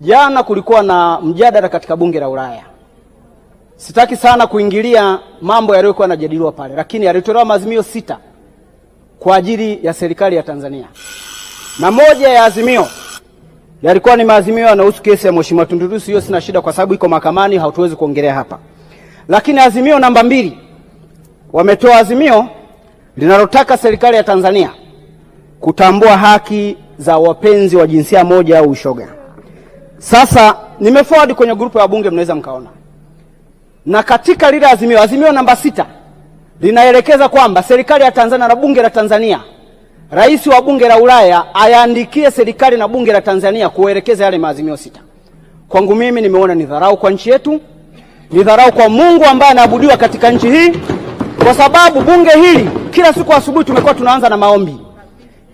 Jana kulikuwa na mjadala katika bunge la Ulaya. Sitaki sana kuingilia mambo yaliyokuwa yanajadiliwa pale, lakini yalitolewa maazimio sita kwa ajili ya serikali ya Tanzania, na moja ya azimio yalikuwa ni maazimio yanahusu kesi ya Mheshimiwa Tundu Lissu. Hiyo sina shida, kwa sababu iko mahakamani, hatuwezi kuongelea hapa. Lakini azimio namba mbili, wametoa azimio linalotaka serikali ya Tanzania kutambua haki za wapenzi wa jinsia moja au ushoga. Sasa nimeforward kwenye grupu ya Bunge, mnaweza mkaona, na katika lile azimio, azimio namba sita linaelekeza kwamba serikali ya Tanzania na bunge la Tanzania, rais wa bunge la Ulaya ayaandikie serikali na bunge la Tanzania kuelekeza yale maazimio sita. Kwangu mimi nimeona ni dharau kwa nchi yetu, ni dharau kwa Mungu ambaye anaabudiwa katika nchi hii, kwa sababu bunge hili kila siku asubuhi tumekuwa tunaanza na maombi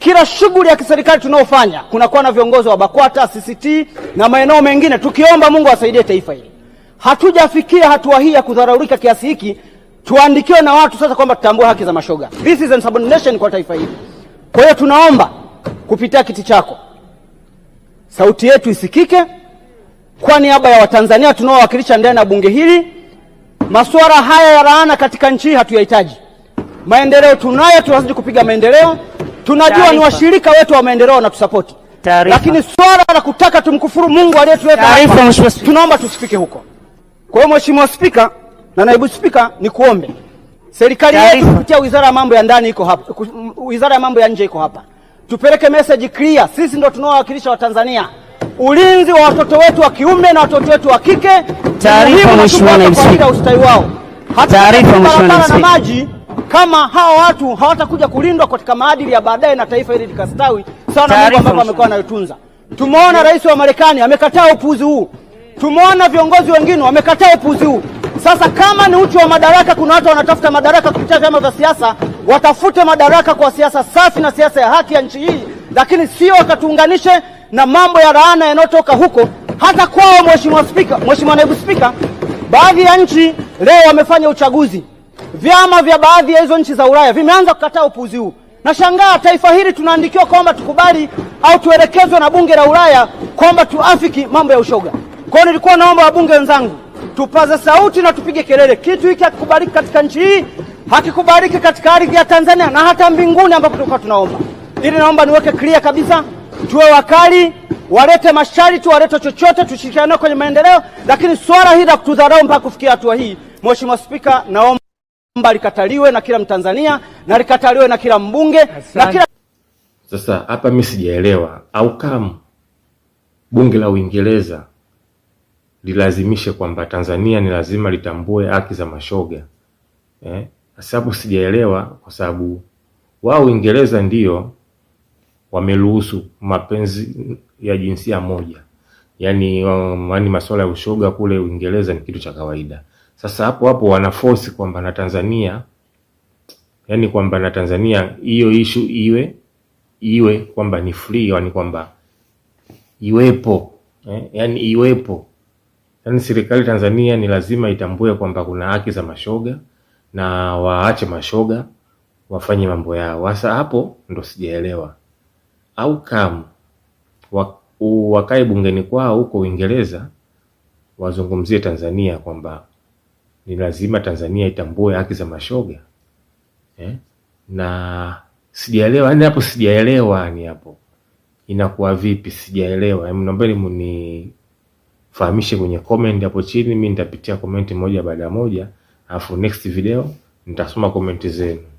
kila shughuli ya kiserikali tunaofanya kunakuwa na viongozi wa BAKWATA, CCT na maeneo mengine, tukiomba Mungu asaidie taifa hili. Hatujafikia hatua hii ya kudharaulika kiasi hiki, tuandikiwe na watu sasa kwamba tutambue haki za mashoga. This is insubordination kwa taifa hili. Kwa hiyo tunaomba kupitia kiti chako, sauti yetu isikike kwa niaba ya Watanzania tunaowakilisha ndani ya bunge hili. Masuala haya ya laana katika nchi hii hatuyahitaji. Maendeleo tunayo, tunazidi kupiga maendeleo tunajua Ni washirika wetu wa maendeleo wanatusapoti, lakini swala la kutaka tumkufuru Mungu aliyetuweka hapa tunaomba tusifike huko. Kwa hiyo Mheshimiwa Spika na Naibu Spika, nikuombe serikali yetu kupitia Wizara ya Mambo ya Ndani iko hapa, Wizara ya Mambo ya Nje iko hapa, tupeleke message clear, sisi ndio tunaowakilisha Watanzania. Ulinzi wa watoto wetu wa kiume na watoto wetu wa kike, taarifa Mheshimiwa Naibu Spika, ustawi wao, hata spika na maji kama hawa watu hawatakuja kulindwa katika maadili ya baadaye na taifa hili likastawi sana, Mungu ambavyo amekuwa anayotunza. Tumeona rais wa Marekani amekataa upuzi huu, tumeona viongozi wengine wamekataa upuzi huu. Sasa kama ni uchu wa madaraka, kuna watu wanatafuta madaraka kupitia vyama vya siasa, watafute madaraka kwa siasa safi na siasa ya haki ya nchi hii, lakini sio wakatuunganishe na mambo ya laana yanayotoka huko hata kwao. Mheshimiwa Spika, Mheshimiwa Naibu Spika, baadhi ya nchi leo wamefanya uchaguzi. Vyama vya baadhi ya hizo nchi za Ulaya vimeanza kukataa upuzi huu. Nashangaa taifa hili tunaandikiwa kwamba tukubali au tuelekezwe na bunge la Ulaya kwamba tuafiki mambo ya ushoga. Kwa hiyo nilikuwa naomba wabunge wenzangu tupaze sauti na tupige kelele, kitu hiki hakikubaliki katika nchi hii, hakikubaliki katika ardhi ya Tanzania na hata mbinguni ambapo tulikuwa tunaomba. Ili naomba niweke clear kabisa, tuwe wakali, walete masharti, walete chochote, tushirikiane kwenye maendeleo, lakini swala hili la kutudharau mpaka kufikia hatua hii, Mheshimiwa Spika, naomba kwamba likataliwe na kila Mtanzania na likataliwe na kila mbunge na kila... Sasa hapa mimi sijaelewa, au kama bunge la Uingereza lilazimishe kwamba Tanzania ni lazima litambue haki za mashoga eh? Sababu sijaelewa, kwa sababu wao Uingereza ndio wameruhusu mapenzi ya jinsia moja, yaani um, yaani masuala ya ushoga kule Uingereza ni kitu cha kawaida. Sasa hapo hapo wanaforce kwamba na Tanzania yani kwamba na Tanzania hiyo ishu iwe iwe kwamba ni free, yani kwamba iwepo eh, yani iwepo yani serikali Tanzania ni lazima itambue kwamba kuna haki za mashoga na waache mashoga wafanye mambo yao. Sasa hapo ndo sijaelewa, au kam wakae bungeni kwao huko Uingereza wazungumzie Tanzania kwamba ni lazima Tanzania itambue haki za mashoga eh? na sijaelewa yani hapo sijaelewa ni hapo inakuwa vipi, sijaelewa. Naombeni munifahamishe kwenye comment hapo chini, mi nitapitia comment moja baada ya moja, alafu next video nitasoma comment zenu.